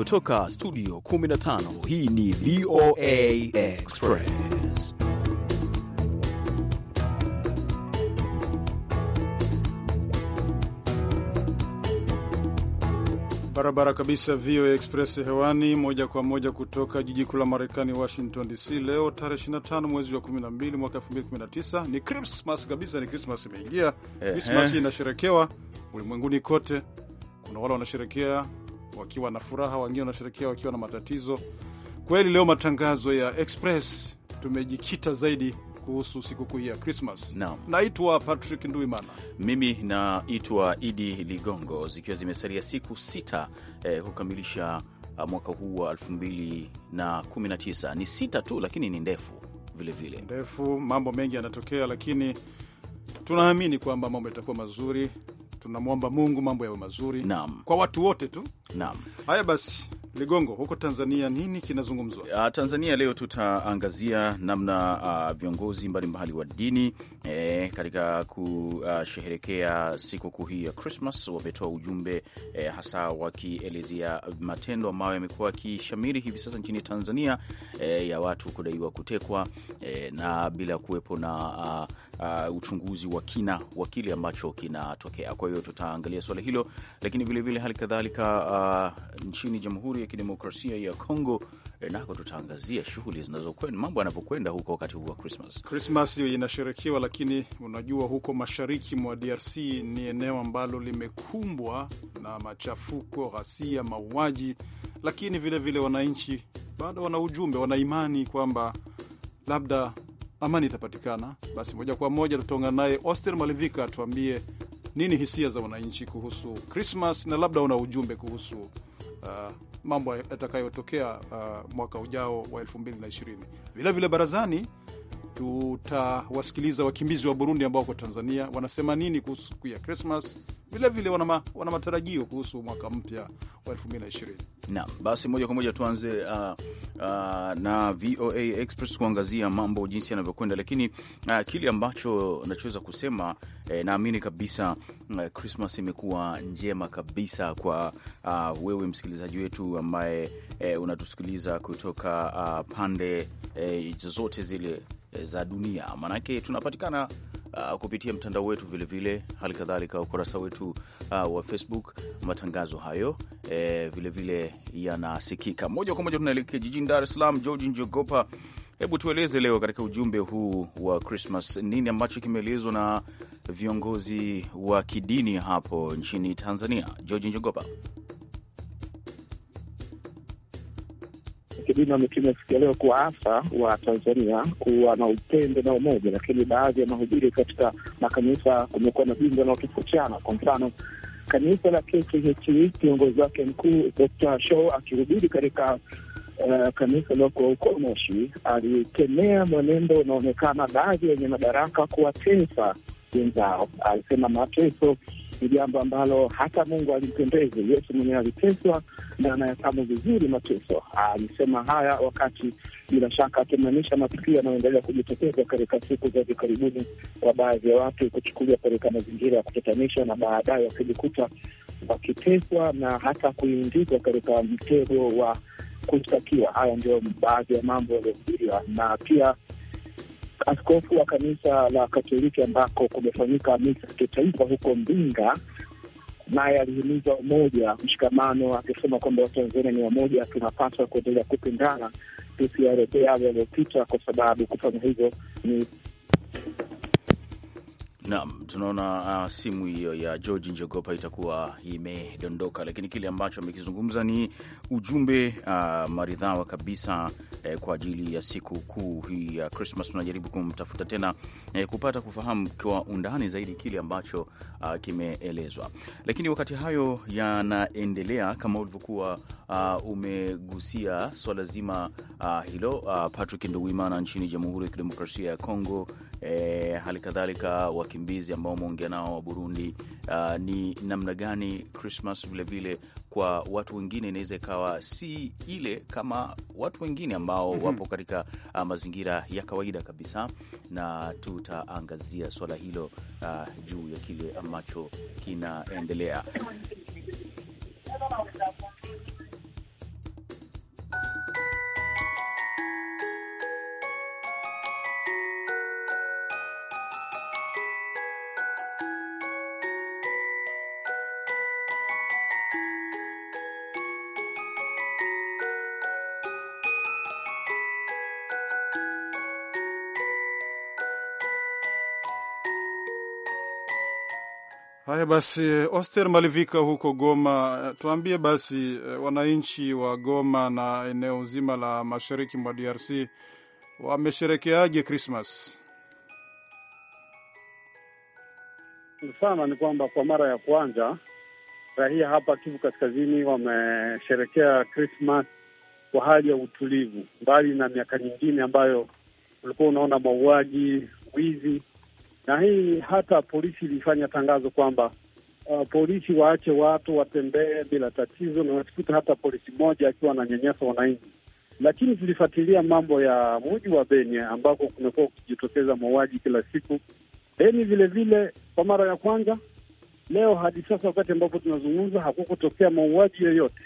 Kutoka studio 15 hii ni VOA Express. Barabara kabisa, VOA Express hewani moja kwa moja kutoka jiji kuu la Marekani, Washington DC. Leo tarehe 25 mwezi wa 12 mwaka 2019 ni Krismas kabisa, ni Krismas imeingia. Krismas inasherekewa ulimwenguni kote, kuna wale wanasherekea wakiwa na furaha, wengine wanasherekea wakiwa na matatizo. Kweli leo matangazo ya Express tumejikita zaidi kuhusu sikukuu hii ya Krismas. Naitwa Patrick Nduimana, mimi naitwa Idi Ligongo, zikiwa zimesalia siku sita eh, kukamilisha ah, mwaka huu wa 2019 ni sita tu, lakini ni ndefu vilevile, ndefu. Mambo mengi yanatokea, lakini tunaamini kwamba mambo yatakuwa mazuri tunamwomba Mungu mambo yawe mazuri Naam. kwa watu wote tu Naam. Haya basi, Ligongo, huko Tanzania nini kinazungumzwa? Ah, Tanzania leo tutaangazia namna uh, viongozi mbalimbali wa dini eh, katika kusherehekea sikukuu hii ya Christmas wametoa ujumbe eh, hasa wakielezea matendo ambayo yamekuwa yakishamiri hivi sasa nchini Tanzania eh, ya watu kudaiwa kutekwa eh, na bila kuwepo na uh, uh, uchunguzi wa kina wa kile ambacho kinatokea. Kwa hiyo tutaangalia suala hilo, lakini vilevile hali kadhalika uh, nchini Jamhuri ya Kidemokrasia ya Kongo eh, nako tutaangazia shughuli zinazokwenda, mambo yanavyokwenda huko wakati huu wa Krismas. Krismas inasherekewa, lakini unajua huko mashariki mwa DRC ni eneo ambalo limekumbwa na machafuko, ghasia, mauaji, lakini vilevile wananchi bado wana ujumbe, wana imani kwamba labda amani itapatikana. Basi moja kwa moja tutaungana naye Oster Malivika atuambie nini hisia za wananchi kuhusu Krismas na labda una ujumbe kuhusu uh, mambo yatakayotokea uh, mwaka ujao wa 2020. Vilevile barazani tutawasikiliza wakimbizi wa Burundi ambao wako Tanzania wanasema nini kuhusu siku ya Krismas vilevile wana, wana matarajio kuhusu mwaka mpya wa ishirini. Naam, basi moja kwa moja tuanze uh, uh, na VOA Express kuangazia mambo jinsi yanavyokwenda, lakini uh, kile ambacho nachoweza kusema eh, naamini kabisa uh, imekuwa njema kabisa kwa uh, wewe msikilizaji wetu ambaye eh, unatusikiliza kutoka uh, pande eh, zote zile Eh, za dunia, maanake tunapatikana uh, kupitia mtandao wetu vilevile, hali kadhalika ukurasa wetu uh, wa Facebook. Matangazo hayo eh, vilevile yanasikika moja kwa moja. Tunaelekea jijini Dar es Salaam. Georgi Njogopa, hebu tueleze leo katika ujumbe huu wa Christmas nini ambacho kimeelezwa na viongozi wa kidini hapo nchini Tanzania? Georgi Njogopa. wengine wametumia siku ya leo hasa wa Tanzania kuwa na upendo na umoja, lakini baadhi ya mahubiri katika makanisa kumekuwa na na wanaotofautiana. Kwa mfano kanisa la KKHT kiongozi wake mkuu Dr. Show akihubiri katika Uh, kanisa liloko huko Moshi alikemea mwenendo unaonekana baadhi wenye madaraka kuwatesa wenzao. Alisema mateso ni jambo ambalo hata Mungu alimpendeze. Yesu mwenyewe aliteswa na anayafahamu vizuri mateso. Alisema haya wakati, bila shaka, akimaanisha matukio yanayoendelea kujitokeza katika siku za hivi karibuni, kwa baadhi ya watu kuchukuliwa katika mazingira ya kutatanisha na baadaye wakijikuta wakiteswa na hata kuingizwa katika mtego wa kushtakiwa. Haya ndio baadhi ya mambo yaliyohubiriwa na pia askofu wa kanisa la Katoliki ambako kumefanyika misa ya kitaifa huko Mbinga, naye alihimiza umoja, mshikamano, akisema kwamba Watanzania ni wamoja, tunapaswa kuendelea kupendana, tusiarejee yale yaliyopita, kwa sababu kufanya hivyo ni Naam, tunaona uh, simu hiyo ya George Njogopa itakuwa imedondoka, lakini kile ambacho amekizungumza ni ujumbe uh, maridhawa kabisa eh, kwa ajili ya siku kuu hii ya Krismas. Tunajaribu kumtafuta tena eh, kupata kufahamu kwa undani zaidi kile ambacho uh, kimeelezwa, lakini wakati hayo yanaendelea, kama ulivyokuwa uh, umegusia swala zima uh, hilo uh, Patrick Nduwimana nchini Jamhuri ya Kidemokrasia ya Kongo e, hali kadhalika wakimbizi ambao umeongea nao wa Burundi, uh, ni namna gani Krismas vilevile kwa watu wengine inaweza ikawa si ile kama watu wengine ambao mm -hmm. wapo katika uh, mazingira ya kawaida kabisa, na tutaangazia swala hilo uh, juu ya kile ambacho kinaendelea Haya basi, Oster Malivika huko Goma, tuambie basi eh, wananchi wa Goma na eneo zima la mashariki mwa DRC wamesherekeaje Krismas? Sana ni kwamba kwa mara ya kwanza raia hapa Kivu Kaskazini wamesherekea Krismas kwa hali ya utulivu, mbali na miaka nyingine ambayo ulikuwa unaona mauaji, wizi na hii hata polisi ilifanya tangazo kwamba uh, polisi waache watu watembee bila tatizo, na wasikuta hata polisi mmoja akiwa ananyanyasa wananchi. Lakini tulifuatilia mambo ya mji wa Beni ambako kumekuwa kukijitokeza mauaji kila siku. Beni vilevile, kwa mara ya kwanza leo hadi sasa, wakati ambapo tunazungumza, hakukutokea mauaji yoyote,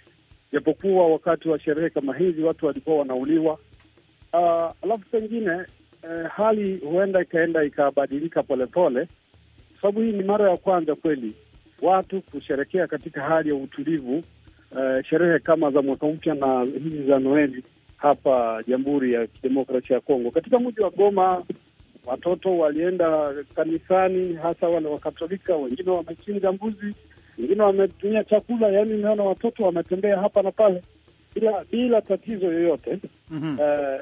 japokuwa wakati wa sherehe kama hizi watu walikuwa wanauliwa. Uh, alafu pengine eh, hali huenda ikaenda ikabadilika polepole, kwa sababu hii ni mara ya kwanza kweli watu kusherekea katika hali ya utulivu eh, sherehe kama za mwaka mpya na hizi za Noeli hapa Jamhuri ya Kidemokrasia ya Kongo. Katika mji wa Goma watoto walienda kanisani, hasa wale Wakatolika. Wengine wamechinja mbuzi, wengine wametumia chakula. Yaani unaona watoto wametembea hapa na pale bila bila tatizo yoyote. mm -hmm. eh,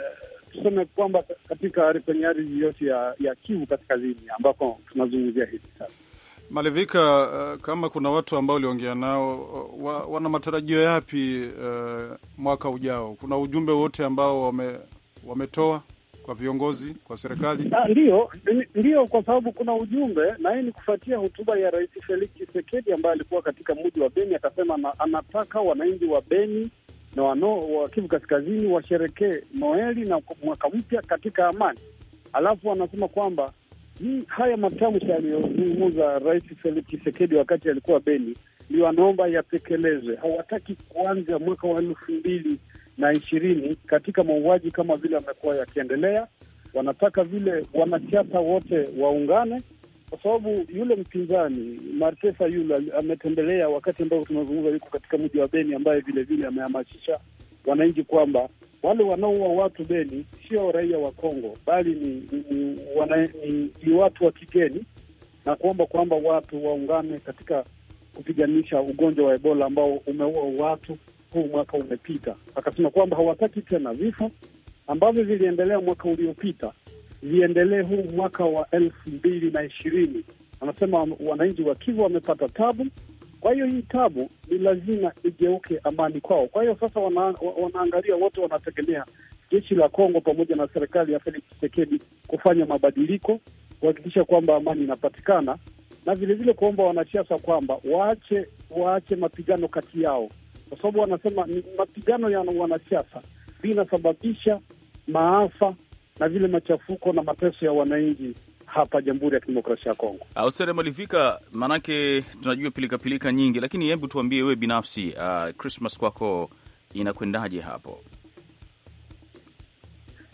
tuseme kwamba katika kwenye ardhi yote ya, ya Kivu kaskazini ambako tunazungumzia hivi sasa. Malevika, uh, kama kuna watu ambao uliongea nao uh, wa, wana matarajio yapi uh, mwaka ujao? Kuna ujumbe wote ambao wame, wametoa kwa viongozi kwa serikali? Ah, ndio, ndio, kwa sababu kuna ujumbe, na hii ni kufuatia hotuba ya Rais Felix Tshisekedi ambaye alikuwa katika mji wa Beni, akasema anataka wananchi wa Beni na wano wa Kivu Kaskazini washerekee Noeli na mwaka mpya katika amani. Alafu wanasema kwamba hii hmm, haya matamshi aliyozungumza Rais Felix Tshisekedi wakati alikuwa Beni ndio wanaomba yatekelezwe. Hawataki kuanza mwaka wa elfu mbili na ishirini katika mauaji kama vile amekuwa yakiendelea. Wanataka vile wanasiasa wote waungane kwa sababu yule mpinzani Martesa yule ametembelea, wakati ambao tunazungumza, yuko katika mji wa Beni, ambaye vilevile amehamasisha wananchi kwamba wale wanaoua watu Beni sio raia wa Kongo, bali ni, ni, wana, ni, ni watu wa kigeni, na kuomba kwamba watu waungane katika kupiganisha ugonjwa wa Ebola ambao umeua watu huu mwaka umepita. Akasema kwamba hawataki tena vifo ambavyo viliendelea mwaka uliopita liendelee huu mwaka wa elfu mbili na ishirini. Anasema wananchi wa Kivu wamepata tabu, kwa hiyo hii tabu ni lazima igeuke amani kwao. Kwa hiyo sasa wana, wanaangalia wote wanategemea jeshi la Kongo pamoja na serikali ya Felix Tshisekedi kufanya mabadiliko kuhakikisha kwamba amani inapatikana na vilevile kuomba wanasiasa kwamba waache waache mapigano kati yao, kwa sababu wanasema mapigano ya wanasiasa vinasababisha maafa na vile machafuko na mateso ya wananchi hapa Jamhuri ya Kidemokrasia ya Kongo. Ausere ah, Malivika, maanake tunajua pilikapilika -pilika nyingi, lakini hebu tuambie wewe binafsi, uh, Christmas kwako inakwendaje hapo?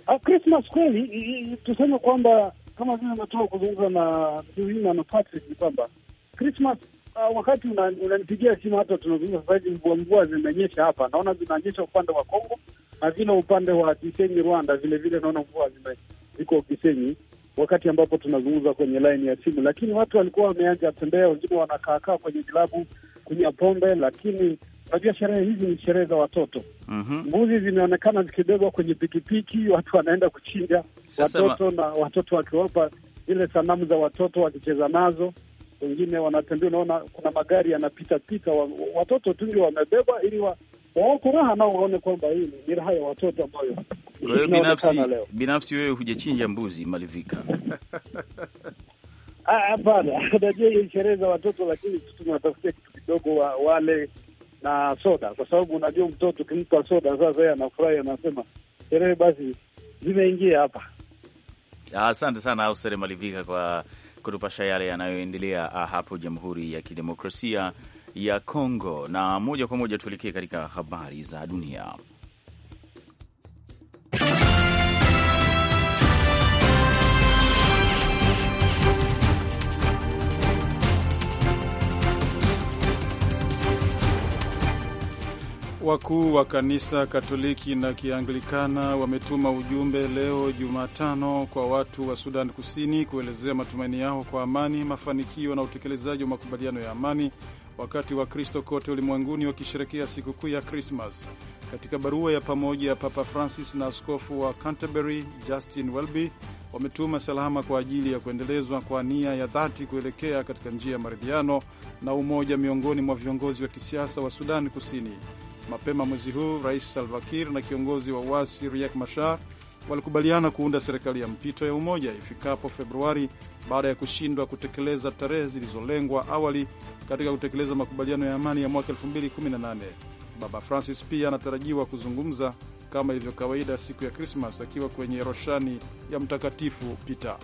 Uh, Christmas kweli tuseme kwamba kama vile natoka kuzungumza na Duina na Patrick ni kwamba Christmas uh, wakati unanipigia una simu hata tunazungumza sasa hivi, mvua mvua zimenyesha hapa, naona zinaonyesha upande wa Kongo na vile upande wa Gisenyi, Rwanda, vilevile naona mvua ziko Kisenyi wakati ambapo tunazungumza kwenye laini ya simu, lakini watu walikuwa wameanza tembea, wengine wanakaakaa kwenye vilabu kunywa pombe, lakini unajua sherehe hizi ni sherehe za watoto. mm -hmm. Mbuzi zimeonekana zikibebwa kwenye pikipiki, watu wanaenda kuchinja Sasa watoto ma... na watoto wakiwapa zile sanamu za watoto wakicheza nazo, wengine wanatembea. Unaona kuna magari yanapitapita, watoto tu ndio wamebebwa ili wa, kwa furaha nao waone kwamba hii ni raha ya watoto ambayo binafsi binafsi wewe hujachinja mbuzi malivika? Ah, hapana, najua hiyo sherehe za watoto, lakini tunatafutia kitu kidogo wa, wale na soda, kwa sababu unajua mtoto ukimpa soda sasa yeye anafurahi, anasema sherehe basi zimeingia hapa. Ah, asante sana Ausere Malivika kwa kutupasha yale yanayoendelea ah, hapo Jamhuri ya Kidemokrasia ya Kongo, na moja kwa moja tuelekee katika habari za dunia. Wakuu wa kanisa Katoliki na Kianglikana wametuma ujumbe leo Jumatano kwa watu wa Sudan Kusini kuelezea matumaini yao kwa amani, mafanikio na utekelezaji wa makubaliano ya amani wakati wa kristo kote ulimwenguni wakisherekea sikukuu ya Krismas. Katika barua ya pamoja ya Papa Francis na askofu wa Canterbury Justin Welby wametuma salama kwa ajili ya kuendelezwa kwa nia ya dhati kuelekea katika njia ya maridhiano na umoja miongoni mwa viongozi wa kisiasa wa Sudani Kusini. Mapema mwezi huu Rais Salva Kiir na kiongozi wa uasi Riek Machar walikubaliana kuunda serikali ya mpito ya umoja ifikapo Februari baada ya kushindwa kutekeleza tarehe zilizolengwa awali katika kutekeleza makubaliano ya amani ya mwaka 2018. Baba Francis pia anatarajiwa kuzungumza kama ilivyo kawaida siku ya Krismas akiwa kwenye roshani ya Mtakatifu Peter.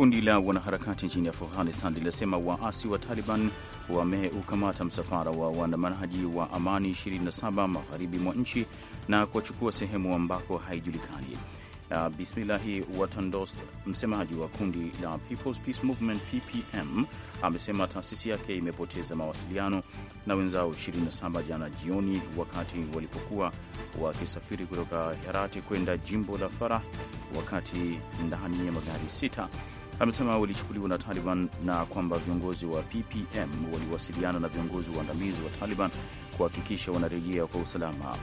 Kundi la wanaharakati nchini Afghanistan linasema waasi wa Taliban wameukamata msafara wa waandamanaji wa amani 27 magharibi mwa nchi na kuwachukua sehemu ambako haijulikani. Uh, Bismillahi Watandost, msemaji wa kundi la People's Peace Movement PPM, amesema taasisi yake imepoteza mawasiliano na wenzao 27 jana jioni wakati walipokuwa wakisafiri kutoka Herati kwenda jimbo la Farah, wakati ndani ya magari sita amesema walichukuliwa na Taliban na kwamba viongozi wa PPM waliwasiliana na viongozi waandamizi wa Taliban kuhakikisha wanarejea kwa usalama.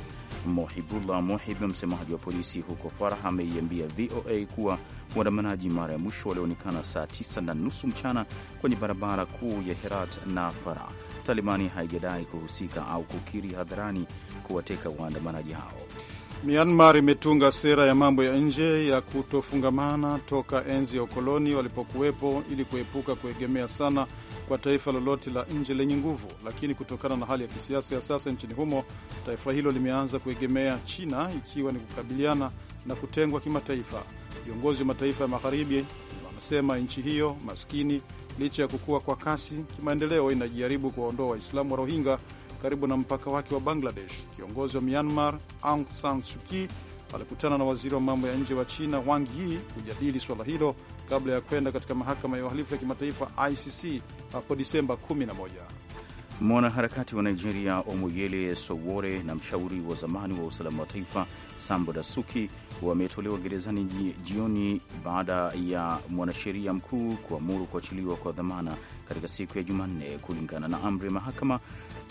Mohibullah Mohib, msemaji wa polisi huko Farah, ameiambia VOA kuwa waandamanaji mara ya mwisho walioonekana saa tisa na nusu mchana kwenye barabara kuu ya Herat na Farah. Talibani haijadai kuhusika au kukiri hadharani kuwateka waandamanaji hao. Myanmar imetunga sera ya mambo ya nje ya kutofungamana toka enzi ya ukoloni walipokuwepo ili kuepuka kuegemea sana kwa taifa lolote la nje lenye nguvu, lakini kutokana na hali ya kisiasa ya sasa nchini humo, taifa hilo limeanza kuegemea China ikiwa ni kukabiliana na kutengwa kimataifa. Viongozi wa mataifa ya magharibi wanasema nchi hiyo maskini licha ya kukua kwa kasi kimaendeleo inajaribu kuwaondoa Waislamu wa Rohingya karibu na mpaka wake wa Bangladesh. Kiongozi wa Myanmar Aung San Suu Kyi alikutana na waziri wa mambo ya nje wa China Wang Yi kujadili suala hilo kabla ya kwenda katika mahakama ya uhalifu ya kimataifa ICC hapo Disemba 11. Mwanaharakati wa Nigeria Omoyele Sowore na mshauri wa zamani wa usalama wa taifa Sambo Dasuki wametolewa gerezani jioni baada ya mwanasheria mkuu kuamuru kuachiliwa kwa dhamana katika siku ya Jumanne kulingana na amri ya mahakama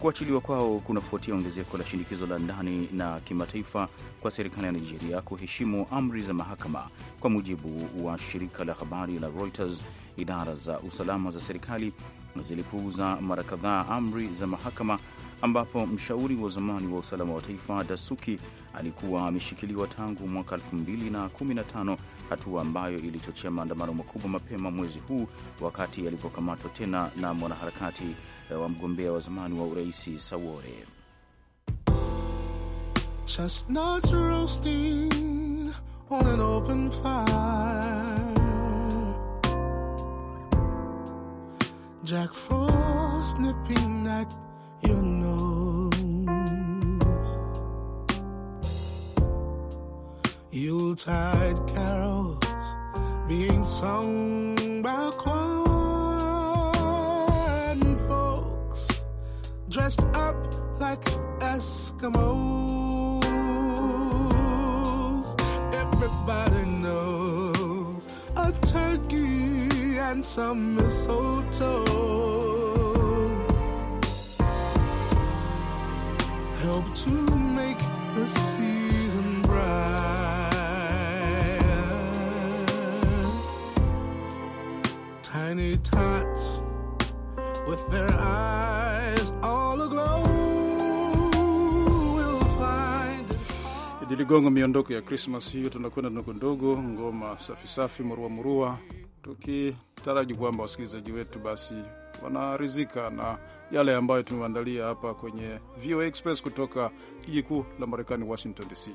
Kuachiliwa kwao kunafuatia ongezeko la shinikizo la ndani na kimataifa kwa serikali ya Nigeria kuheshimu amri za mahakama. Kwa mujibu wa shirika la habari la Reuters, idara za usalama za serikali zilipuuza mara kadhaa amri za mahakama ambapo mshauri wa zamani wa usalama wa taifa Dasuki alikuwa ameshikiliwa tangu mwaka 2015, hatua ambayo ilichochea maandamano makubwa mapema mwezi huu wakati alipokamatwa tena na mwanaharakati eh, wa mgombea wa zamani wa uraisi Sawore. Chestnuts roasting on an open fire. Jack Frost nipping at your nose. Yuletide carols being sung by choir folks dressed up like Eskimos. Everybody knows a turkey and some mistletoe. their eyes all aglow will find Ligongo, miondoko ya Krismas hiyo, tunakwenda ndogo ndogo, ngoma safi safi, murua murua, tukitaraji kwamba wasikilizaji wetu basi wanarizika na yale ambayo tumeandalia hapa kwenye VOA Express kutoka jiji kuu la Marekani, Washington DC.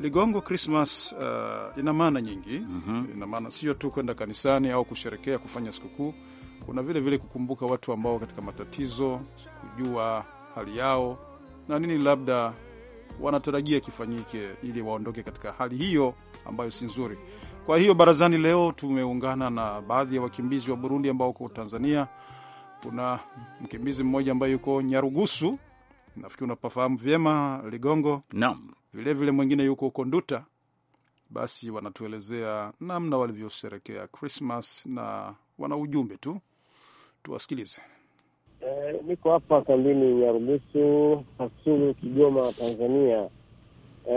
Ligongo, Krismas uh, ina maana nyingi mm -hmm. Ina maana sio tu kwenda kanisani au kusherekea kufanya sikukuu, kuna vile vile kukumbuka watu ambao katika matatizo, kujua hali yao na nini labda wanatarajia kifanyike ili waondoke katika hali hiyo ambayo si nzuri. Kwa hiyo barazani leo tumeungana na baadhi ya wakimbizi wa Burundi ambao wako Tanzania. Kuna mkimbizi mmoja ambaye yuko Nyarugusu, nafikiri unapafahamu vyema Ligongo. Naam, vilevile mwingine yuko huko Nduta. Basi wanatuelezea namna walivyosherekea Krismas na wana ujumbe tu Tuwasikilize. E, niko hapa kambini Nyarugusu, Kasulu, Kigoma, Tanzania. E,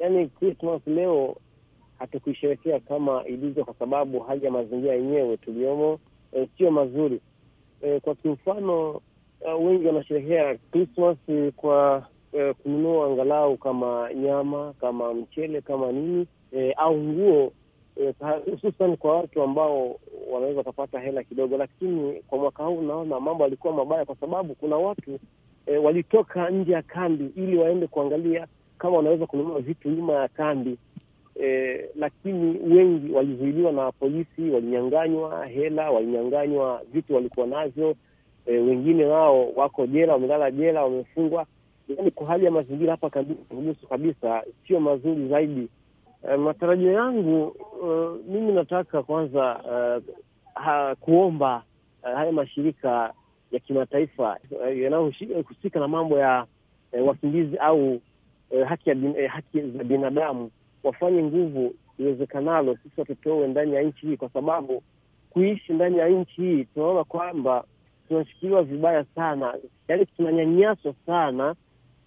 yani krismas leo hatukuisherekea kama ilivyo, kwa sababu hali ya mazingira yenyewe tuliyomo e, eh, sio mazuri e, kwa kimfano wengi wanasherekea krismas kwa e, kununua angalau kama nyama kama mchele kama nini e, au nguo e, hususan kwa watu ambao wanaweza wakapata hela kidogo, lakini kwa mwaka huu naona mambo yalikuwa mabaya, kwa sababu kuna watu e, walitoka nje ya kambi ili waende kuangalia kama wanaweza kununua vitu nyuma ya kambi e, lakini wengi walizuiliwa na polisi, walinyanganywa hela, walinyanganywa vitu walikuwa navyo. E, wengine nao wako jela, wamelala jela, wamefungwa. Yani kwa hali ya mazingira hapa kambini, kabisa sio mazuri zaidi. E, matarajio yangu uh, mimi nataka kwanza uh, ha, kuomba uh, haya mashirika ya kimataifa uh, yanayohusika na mambo ya uh, wakimbizi au uh, haki, ya bin, uh, haki za binadamu wafanye nguvu iwezekanalo, sisi watutoe ndani ya nchi hii, kwa sababu kuishi ndani ya nchi hii tunaona kwamba tunashikiliwa vibaya sana, yani tunanyanyaswa sana,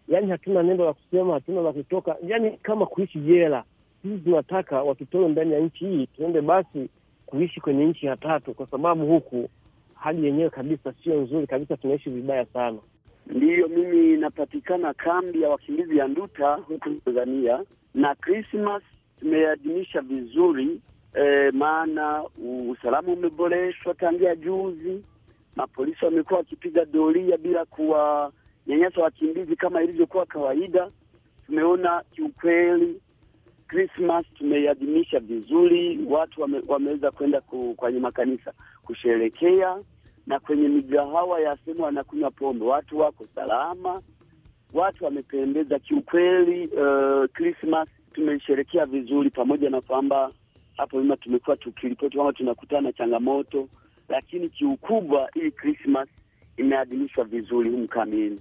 yani hatuna neno la kusema, hatuna la kutoka, yani kama kuishi jela sisi tunataka watutoe ndani ya nchi hii, tuende basi kuishi kwenye nchi ya tatu, kwa sababu huku hali yenyewe kabisa sio nzuri kabisa, tunaishi vibaya sana. Ndiyo, mimi inapatikana kambi ya wakimbizi ya Nduta huku Tanzania, na Krismas tumeadhimisha vizuri e, maana usalama umeboreshwa tangia juzi. Mapolisi wamekuwa wakipiga doria bila kuwanyanyasa wakimbizi kama ilivyokuwa kawaida. Tumeona kiukweli Christmas tumeiadhimisha vizuri, watu wame, wameweza kwenda kwenye makanisa kusherekea, na kwenye migahawa ya sehemu wanakunywa pombe, watu wako salama, watu wamependeza kiukweli. Uh, Christmas tumesherekea vizuri, pamoja na kwamba hapo nyuma tumekuwa tukiripoti kwamba tunakutana na changamoto, lakini kiukubwa hii Christmas imeadhimishwa vizuri humu kamini.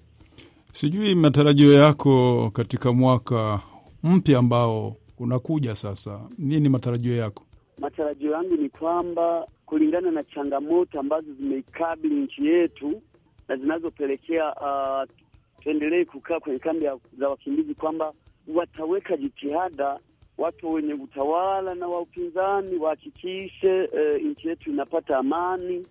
Sijui matarajio yako katika mwaka mpya ambao unakuja sasa, nini matarajio yako? Matarajio yangu ni kwamba kulingana na changamoto ambazo zimeikabili nchi yetu na zinazopelekea uh, tuendelee kukaa kwenye kambi za wakimbizi, kwamba wataweka jitihada watu wenye utawala na wa upinzani wahakikishe uh, nchi yetu inapata amani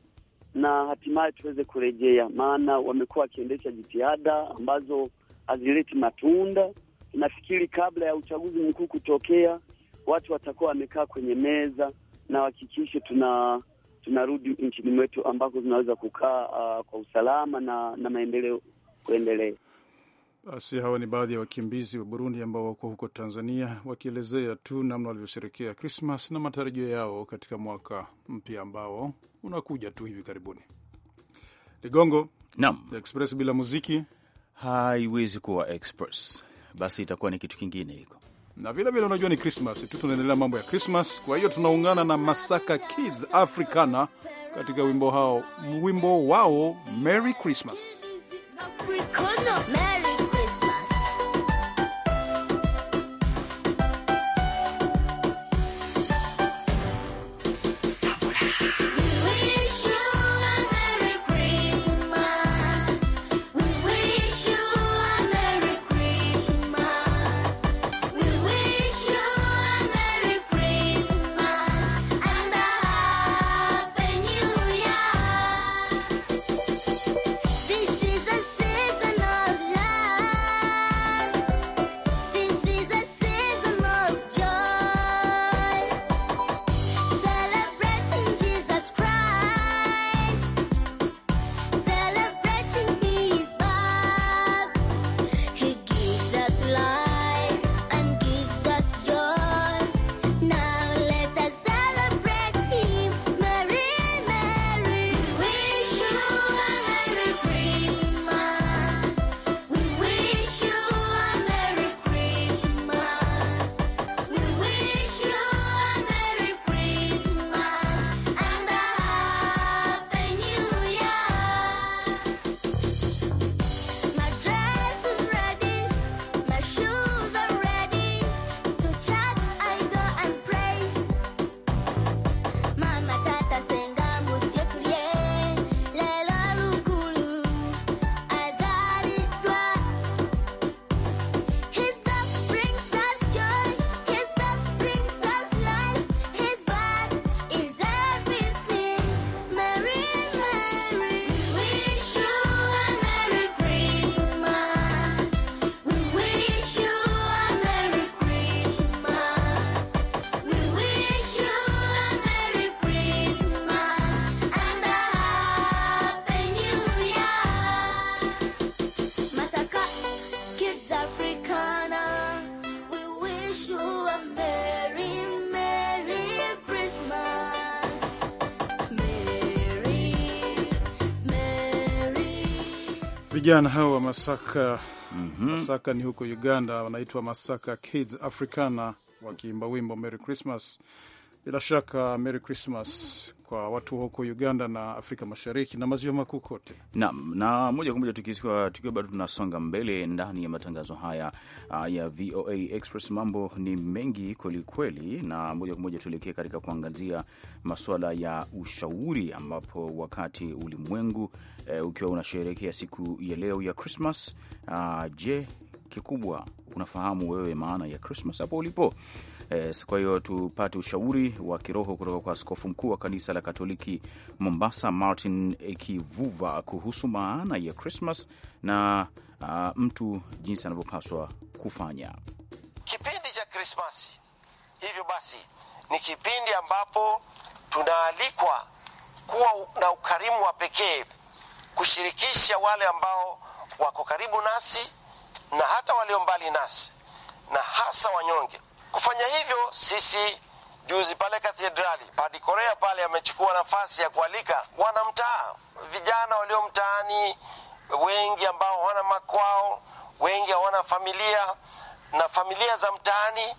na hatimaye tuweze kurejea, maana wamekuwa wakiendesha jitihada ambazo hazileti matunda nafikiri kabla ya uchaguzi mkuu kutokea, watu watakuwa wamekaa kwenye meza na wahakikishe tuna tunarudi nchini mwetu ambako tunaweza kukaa uh, kwa usalama na, na maendeleo kuendelea. Basi hawa ni baadhi ya wakimbizi wa Burundi ambao wako huko Tanzania wakielezea tu namna walivyosherekea Krismas na matarajio yao katika mwaka mpya ambao unakuja tu hivi karibuni. Ligongo, naam, Express bila muziki haiwezi kuwa Express basi itakuwa ni kitu kingine hiko na vile vile unajua ni Krismas tu, tunaendelea mambo ya Krismas. Kwa hiyo tunaungana na Masaka Kids Africana katika wimbo hao, wimbo wao Merry Christmas Africana. vijana hao wa Masaka. mm -hmm. Masaka ni huko Uganda, wanaitwa Masaka Kids Africana wakiimba wimbo Merry Christmas bila shaka Merry Christmas kwa watu huko Uganda na Afrika Mashariki na maziwa makuu kote. Naam, na moja kwa moja tukiwa tukiwa bado tunasonga mbele ndani ya matangazo haya uh, ya VOA Express, mambo ni mengi kwelikweli, na moja kwa moja tuelekee katika kuangazia masuala ya ushauri, ambapo wakati ulimwengu uh, ukiwa unasherehekea siku ya leo ya Christmas uh, je, kikubwa unafahamu wewe maana ya Krismas hapo ulipo. E, kwa hiyo tupate ushauri wa kiroho kutoka kwa askofu mkuu wa kanisa la Katoliki Mombasa, Martin Ekivuva, kuhusu maana ya Krismas na a, ah, mtu jinsi anavyopaswa kufanya kipindi cha Krismasi. Hivyo basi ni kipindi ambapo tunaalikwa kuwa na ukarimu wa pekee, kushirikisha wale ambao wako karibu nasi na hata walio mbali nasi na hasa wanyonge. Kufanya hivyo sisi juzi pale kathedrali Padi Korea pale amechukua nafasi ya kualika wanamtaa, vijana walio mtaani, wengi ambao hawana makwao, wengi hawana familia na familia za mtaani,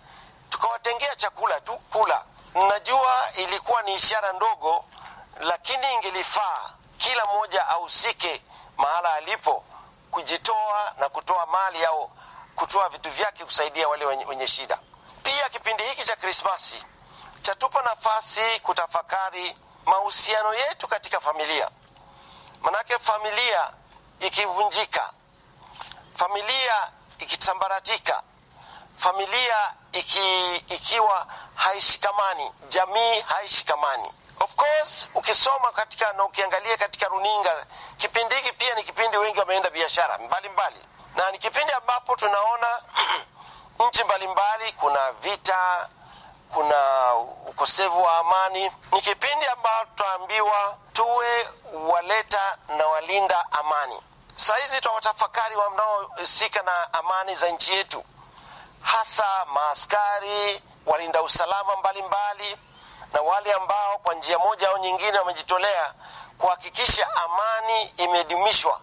tukawatengea chakula tu kula. Najua ilikuwa ni ishara ndogo, lakini ingelifaa kila mmoja ahusike mahala alipo kujitoa na kutoa mali au kutoa vitu vyake kusaidia wale wenye shida. Pia kipindi hiki cha Krismasi chatupa nafasi kutafakari mahusiano yetu katika familia, manake familia ikivunjika, familia ikisambaratika, familia iki, ikiwa haishikamani, jamii haishikamani Of course ukisoma katika na ukiangalia katika runinga, kipindi hiki pia ni kipindi wengi wameenda biashara mbalimbali, na ni kipindi ambapo tunaona nchi mbalimbali kuna vita, kuna ukosefu wa amani. Ni kipindi ambapo tutaambiwa tuwe waleta na walinda amani. Saa hizi twawatafakari wanaohusika na amani za nchi yetu, hasa maaskari, walinda usalama mbalimbali mbali na wale ambao kwa njia moja au nyingine wamejitolea kuhakikisha amani imedumishwa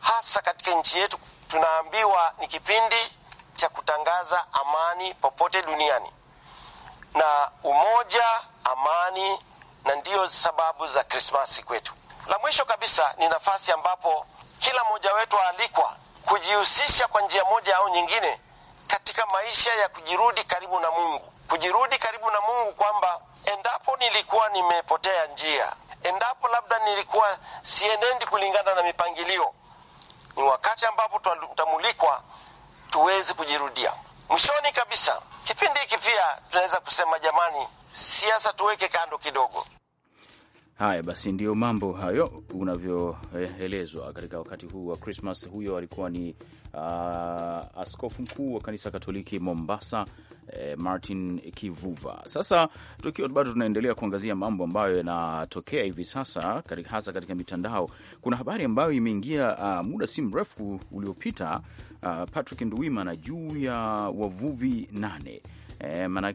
hasa katika nchi yetu. Tunaambiwa ni kipindi cha kutangaza amani popote duniani, na umoja, amani na ndiyo sababu za Krismasi kwetu. La mwisho kabisa ni nafasi ambapo kila mmoja wetu aalikwa kujihusisha kwa njia moja au nyingine katika maisha ya kujirudi karibu na Mungu kujirudi karibu na Mungu kwamba endapo nilikuwa nimepotea njia, endapo labda nilikuwa sienendi kulingana na mipangilio, ni wakati ambapo tutamulikwa tuweze kujirudia. Mwishoni kabisa, kipindi hiki pia tunaweza kusema jamani, siasa tuweke kando kidogo. Haya basi, ndiyo mambo hayo unavyoelezwa katika wakati huu wa Krismas. Huyo alikuwa ni uh, askofu mkuu wa kanisa Katoliki Mombasa, eh, Martin Kivuva. Sasa tukiwa bado tunaendelea kuangazia mambo ambayo yanatokea hivi sasa katika, hasa katika mitandao, kuna habari ambayo imeingia uh, muda si mrefu uliopita uh, Patrick Nduwimana juu ya wavuvi nane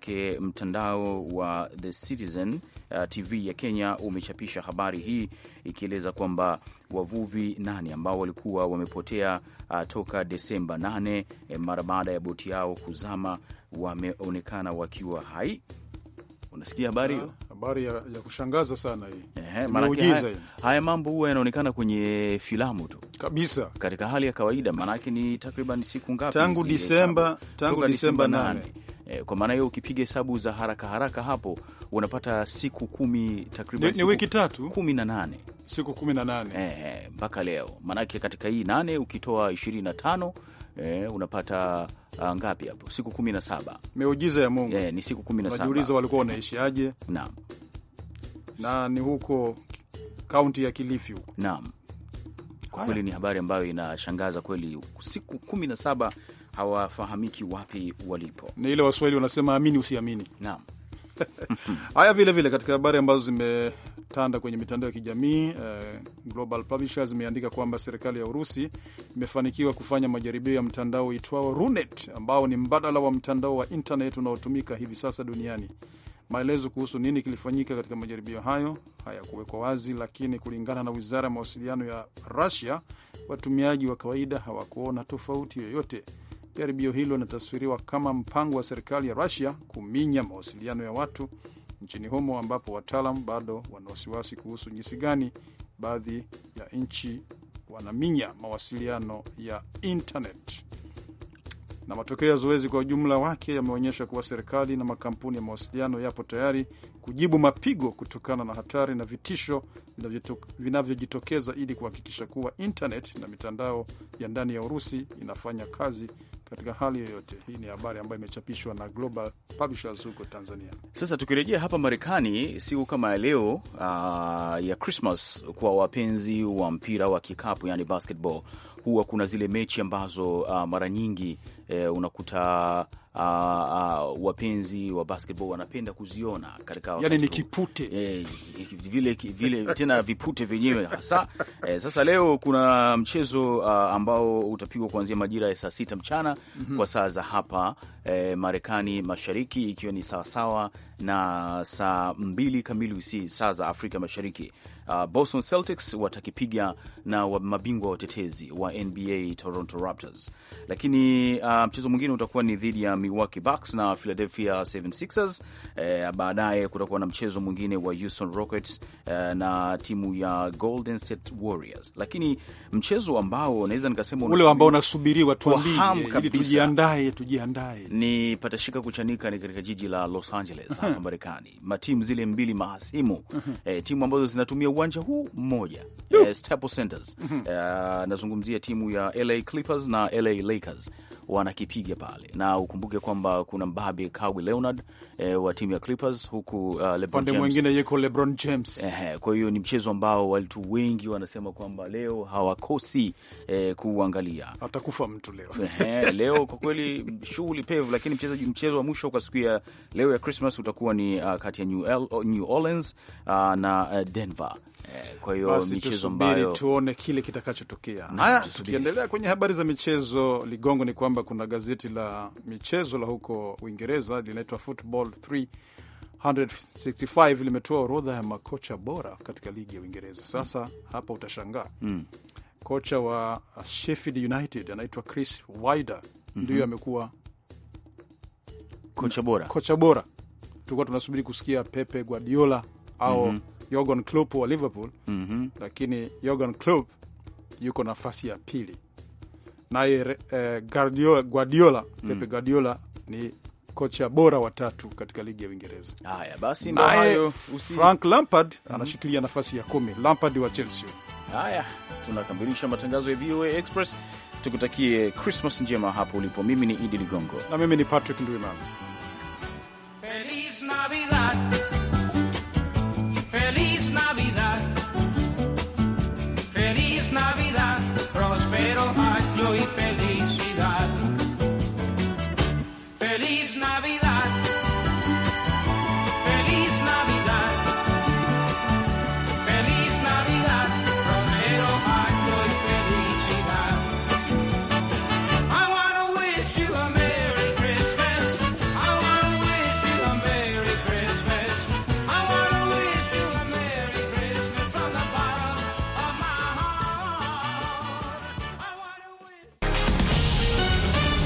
e, mtandao wa The Citizen uh, eh, TV ya Kenya umechapisha habari hii ikieleza kwamba wavuvi nane ambao walikuwa wamepotea uh, toka Desemba nane e, mara baada ya boti yao kuzama wameonekana wakiwa hai Unasikia habari hiyo, ah, habari ya, ya kushangaza sana hii. Ehe, maanake haya, haya mambo huwa yanaonekana kwenye filamu tu kabisa, katika hali ya kawaida. Maanake ni takriban siku ngapi tangu Disemba, tangu Disemba nane eh, kwa maana hiyo ukipiga hesabu za haraka haraka hapo unapata siku kumi takriban, ni wiki tatu, kumi na nane siku kumi na nane mpaka leo. Maanake katika hii nane ukitoa ishirini na tano eh, unapata uh, ngapi hapo? Siku kumi na saba. Miujiza ya Mungu eh, ni siku kumi na saba. Najiuliza walikuwa wanaishiaje? Naam, na ni huko kaunti ya Kilifi huko. Naam, kwa kweli ni habari ambayo inashangaza kweli, siku kumi na saba hawafahamiki wapi walipo. Ni ile Waswahili wanasema amini usiamini. Naam. Haya, vile vile katika habari ambazo zimetanda kwenye mitandao ya kijamii uh, Global Publishers imeandika kwamba serikali ya Urusi imefanikiwa kufanya majaribio ya mtandao uitwao Runet ambao ni mbadala wa mtandao wa internet unaotumika hivi sasa duniani. Maelezo kuhusu nini kilifanyika katika majaribio hayo hayakuwekwa wazi, lakini kulingana na wizara ya mawasiliano ya Russia, watumiaji wa kawaida hawakuona tofauti yoyote Jaribio hilo linataswiriwa kama mpango wa serikali ya Rusia kuminya mawasiliano ya watu nchini humo, ambapo wataalam bado wana wasiwasi kuhusu jinsi gani baadhi ya nchi wanaminya mawasiliano ya internet. Na matokeo ya zoezi kwa ujumla wake yameonyesha kuwa serikali na makampuni ya mawasiliano yapo tayari kujibu mapigo kutokana na hatari na vitisho vinavyojitokeza ili kuhakikisha kuwa internet na mitandao ya ndani ya Urusi inafanya kazi katika hali yoyote. Hii ni habari ambayo imechapishwa na Global Publishers huko Tanzania. Sasa tukirejea hapa Marekani, siku kama ya leo uh, ya Christmas kwa wapenzi wa mpira wa kikapu, yani basketball, huwa kuna zile mechi ambazo uh, mara nyingi e, unakuta Uh, uh, wapenzi wa basketball wanapenda kuziona katika yani ni kipute eh, vile, vile tena vipute vyenyewe hasa eh. Sasa leo kuna mchezo uh, ambao utapigwa kuanzia majira ya saa sita mchana mm -hmm. kwa saa za hapa eh, Marekani Mashariki, ikiwa ni sawasawa na saa mbili kamili usi saa za Afrika Mashariki. Uh, Boston Celtics watakipiga na mabingwa watetezi wa NBA Toronto Raptors, lakini uh, mchezo mwingine utakuwa ni dhidi ya Milwaukee Bucks na Philadelphia 76ers. Eh, baadaye kutakuwa na mchezo mwingine wa Houston Rockets eh, na timu ya Golden State Warriors, lakini mchezo ambao naweza nikasema ule ambao unasubiriwa, tuambie ili tujiandae, tujiandae ni patashika kuchanika ni katika jiji la Los Angeles hapa Marekani, matimu zile mbili mahasimu e, timu ambazo zinatumia uwanja huu mmoja e, Staples Center. E, nazungumzia timu ya LA Clippers na LA Lakers wanakipiga pale, na ukumbuke kwamba kuna Mbabe Kawhi Leonard e, wa timu ya Clippers, huku uh, upande uh, mwingine yuko LeBron James. Ehe, kwa hiyo ni mchezo ambao watu wengi wanasema kwamba leo hawakosi e, eh, kuangalia, atakufa mtu leo. Ehe, leo kwa kweli shughuli pevu, lakini mchezaji mchezo wa mwisho kwa siku ya leo ya Christmas utakuwa ni uh, kati ya New, El, uh, New Orleans uh, na uh, Denver. Eh, kwa hiyo michezo ambayo tuone kile kitakachotokea. Haya, tukiendelea kwenye habari za michezo, Ligongo, ni kwamba kwamba kuna gazeti la michezo la huko Uingereza linaitwa Football 365 limetoa orodha ya makocha bora katika ligi ya Uingereza. Sasa hapa utashangaa mm. Kocha wa Sheffield United anaitwa Chris Wilder mm -hmm. Ndiyo amekuwa kocha bora, kocha bora. Tulikuwa tunasubiri kusikia Pepe Guardiola au mm -hmm. Jurgen Klopp wa Liverpool mm -hmm. Lakini Jurgen Klopp yuko nafasi ya pili naye eh, Guardiola mm. Pepe Guardiola ni kocha bora watatu katika ligi ya Uingereza. Haya basi, hayo usi... Frank Lampard mm -hmm. anashikilia nafasi ya kumi, Lampard wa Chelsea. Haya, tunakamilisha matangazo ya VOA Express, tukutakie Christmas njema hapo ulipo. Mimi ni Idi Ligongo na mimi ni Patrick Ndwimana.